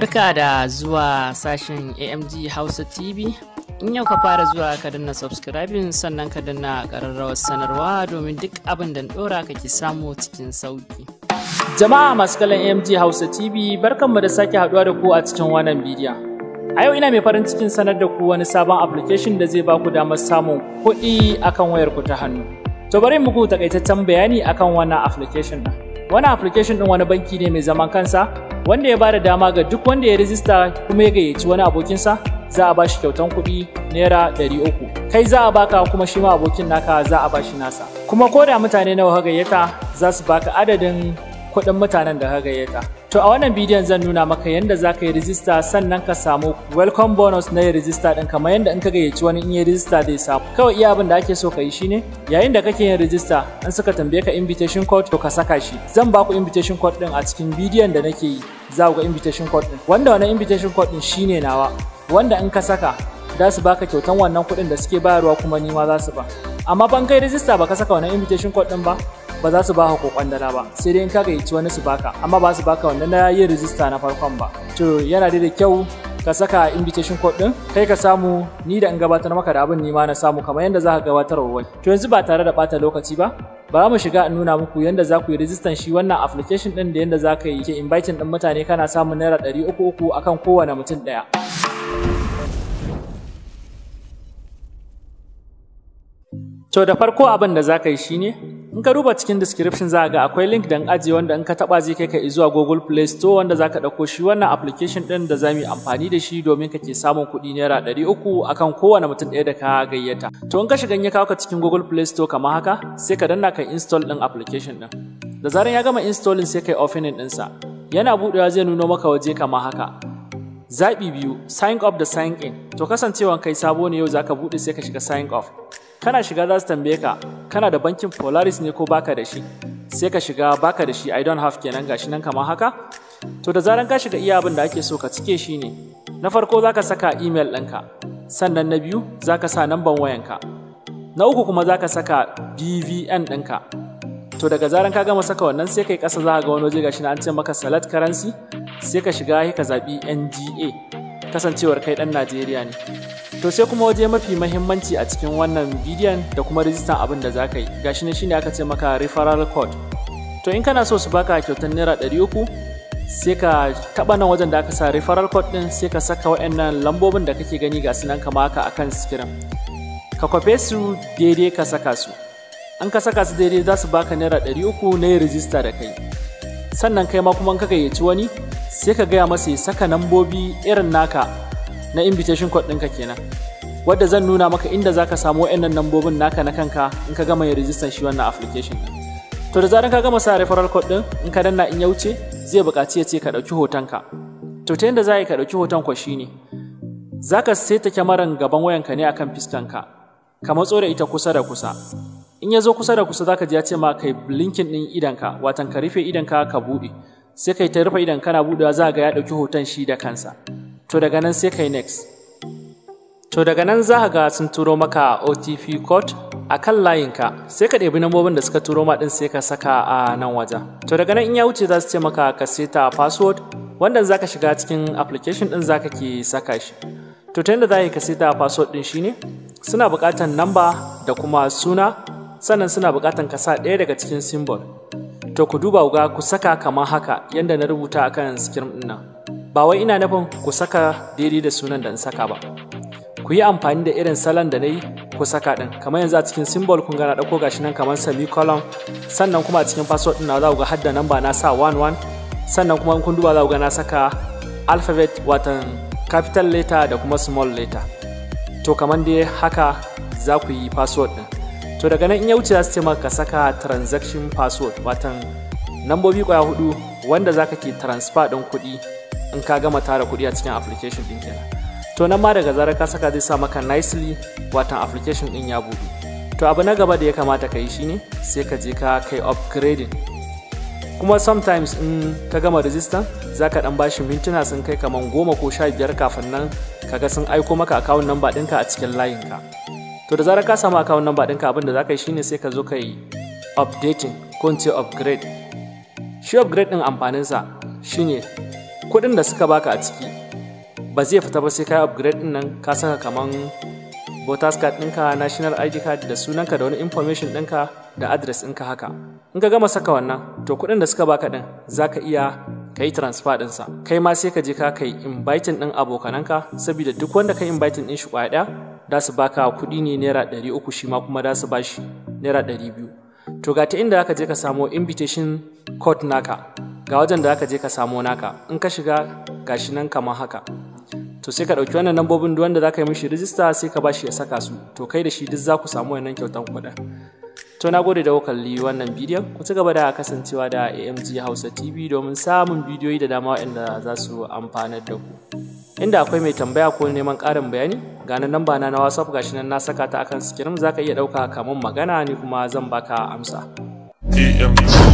Barka da zuwa sashen AMG Hausa TV. In yau ka fara zuwa ka danna subscribing sannan ka danna ƙararrawar sanarwa domin duk abin da ɗora kake samu cikin sauki. Jama'a masu kallon AMG Hausa TV barkanmu da sake haɗuwa da ku a cikin wannan bidiyon. A yau ina mai farin cikin sanar da ku wani sabon application da zai baku damar samun kuɗi akan wayar ku ta hannu. To bari muku taƙaitaccen bayani akan wannan application ɗin. Wannan application ɗin wani banki ne mai zaman kansa wanda ya bada dama ga duk wanda ya rijista kuma ya gayyaci wani abokinsa za a bashi kyautan kuɗi naira ɗari uku kai za a baka kuma shi ma abokin naka za a bashi nasa kuma ko da mutane nawa ka gayyata za su baka adadin kuɗin mutanen da ka gayyata To a wannan bidiyon zan nuna maka yadda za ka yi rijista sannan ka samu welcome bonus na yin rijista ɗin kamar yadda in ka gayyaci wani in yi rijista zai samu. Kawai iya abin da ake so ka yi shine yayin da kake yin rijista an suka tambaye ka invitation code to ka saka shi. Zan ba invitation code ɗin a cikin bidiyon da nake yi za ku ga invitation code ɗin. Wanda wannan invitation code ɗin shine nawa wanda in ka saka za su baka kyautan wannan kuɗin da suke bayarwa kuma nima za su ba. Amma ban kai rijista ba ka saka wannan invitation code ɗin ba ba za su baka kokon ba sai dai in ka gayyaci wani su baka amma ba su baka wannan na yi rijista na farkon ba to yana da kyau ka saka invitation code din kai ka samu ni da in gabatar maka da abin ni ma na samu kamar yadda za ka gabatar wa wani to yanzu ba tare da bata lokaci ba ba mu shiga in nuna muku yadda za ku yi rijistan shi wannan application din da yadda za ka yi ke inviting din mutane kana samun naira ɗari uku uku akan kowane mutum ɗaya. To da farko abin da za ka yi ne. in ka duba cikin description za ga akwai link da ajiye wanda in ka taba zai kai ka zuwa Google Play Store wanda za ka ɗauko shi wannan application ɗin da za mu yi amfani da shi domin ka ke samun kuɗi naira ɗari uku akan kowane mutum ɗaya da ka gayyata. To in ka shiga ya kawo ka cikin Google Play Store kamar haka sai ka danna ka install ɗin application ɗin. Da zaran ya gama installing sai kai opening ɗinsa. Yana buɗewa zai nuno maka waje kamar haka. Zabi biyu, sign up da sign in. To kasancewa kai sabo ne yau za ka buɗe sai ka shiga sign up. Kana shiga za su tambaye ka kana da bankin Polaris ne ko baka da shi sai ka shiga baka da shi I don't have kenan gashi nan kamar haka to da zaran ka shiga iya abin da ake so ka cike shi ne na farko zaka saka email ɗinka sannan na biyu zaka sa namban wayanka na uku kuma zaka saka BVN ɗinka to daga zaran ka gama saka wannan sai kai ƙasa za ka ga wani waje gashi na an ce maka salad currency sai ka shiga ka zaɓi NGA kasancewar kai ɗan Najeriya ne to sai kuma waje mafi mahimmanci a cikin wannan bidiyon da kuma rijistan abin da za ka yi gashi ne shine aka ce maka referral code to in kana so su baka kyautar naira 300 sai ka taba nan wajen da aka sa referral code din sai ka saka waɗannan lambobin da kake gani ga sunan kama haka akan screen ka kwafe su daidai ka saka su an ka saka su daidai za su baka naira uku na rijista da kai sannan kai ma kuma in ka gayyaci wani sai ka gaya masa ya saka nambobi irin naka na invitation code ɗinka kenan wadda zan nuna maka inda zaka samu wayannan nambobin naka na kanka in ka gama yin rijistar shi wannan application to da zaran ka gama sa referral code din in ka danna in ya wuce zai buƙaci ya ce ka ɗauki hotonka to ta yadda za ka ɗauki hoton kwa shine za ka saita kyamaran gaban wayanka ne akan fiskanka ka matso da ita kusa da kusa in ya zo kusa da kusa za ji ya ce ma kai blinking ɗin idanka watan ka rufe idanka ka buɗe sai kai ta rufe idan kana buɗewa za ga ya ɗauki hoton shi da kansa to daga nan sai kai next to daga nan za ga sun turo maka otp code a kan layinka sai ka ɗebi nambobin da suka turo ma ɗin sai ka saka a nan wajen to daga nan in ya wuce za su ce maka ka seta password wanda za ka shiga cikin application ɗin za ka ke saka shi to ta yadda za ka seta password ɗin shine suna buƙatar namba da kuma suna sannan suna buƙatar ka sa ɗaya daga cikin symbol to ku duba ku saka kamar haka yadda na rubuta akan screen ɗin nan ba wai ina nufin ku saka daidai da sunan da in saka ba ku yi amfani da irin salon da na yi ku saka ɗin kamar yanzu a cikin symbol kun gana ɗauko gashi nan kamar column sannan kuma a cikin password ɗin na za ku ga hadda namba na sa 11 sannan kuma in kun duba za ku ga na saka alphabet watan capital letter da kuma small letter to kamar dai haka za ku yi password ɗin to daga nan in ya wuce za su ce maka ka saka transaction password watan lambobi kwaya hudu wanda za ka ke transfer ɗin kuɗi in ka gama tara kuɗi a cikin application ɗin kenan to nan ma daga zarar ka saka zai sa maka nicely watan application ɗin ya buɗe to abu na gaba da ya kamata ka yi shine sai ka je ka kai upgrading kuma sometimes in ka gama rijistan za ka dan bashi mintuna sun kai kaman goma ko sha biyar kafin nan kaga sun aiko maka account number ɗinka a cikin layinka to da zarar ka samu account number ɗinka abin da za ka yi shine sai ka zo ka yi updating ko in ce upgrade shi upgrade ɗin amfaninsa shine kuɗin da suka baka a ciki ba zai fita ba sai ka upgrade din nan ka saka kaman voters card ɗinka national id card da sunanka da wani information ɗinka da address ɗinka haka in ka gama saka wannan to kuɗin da suka baka din za ka iya ka yi transfer ɗinsa kai ma sai ka je ka kai inviting din abokananka saboda duk wanda ka inviting ɗin shi kwaya ɗaya da su baka kuɗi ne naira ɗari uku shi ma kuma da su bashi naira ɗari biyu to ga ta inda zaka je ka samo invitation code naka ga wajen da aka je ka samo naka in ka shiga gashi nan kamar haka to sai ka ɗauki wannan lambobin duk wanda za ka yi mishi rijista sai ka bashi ya saka su to kai da shi duk za ku samu wannan kyautan kuɗin to na gode da kalli wannan bidiyon ku ci gaba da kasancewa da amg hausa tv domin samun bidiyoyi da dama waɗanda za su amfanar da ku inda akwai mai tambaya ko neman ƙarin bayani ga nan namba na na whatsapp gashi nan na saka ta akan screen za ka iya ɗauka kamar magana ni kuma zan baka amsa amg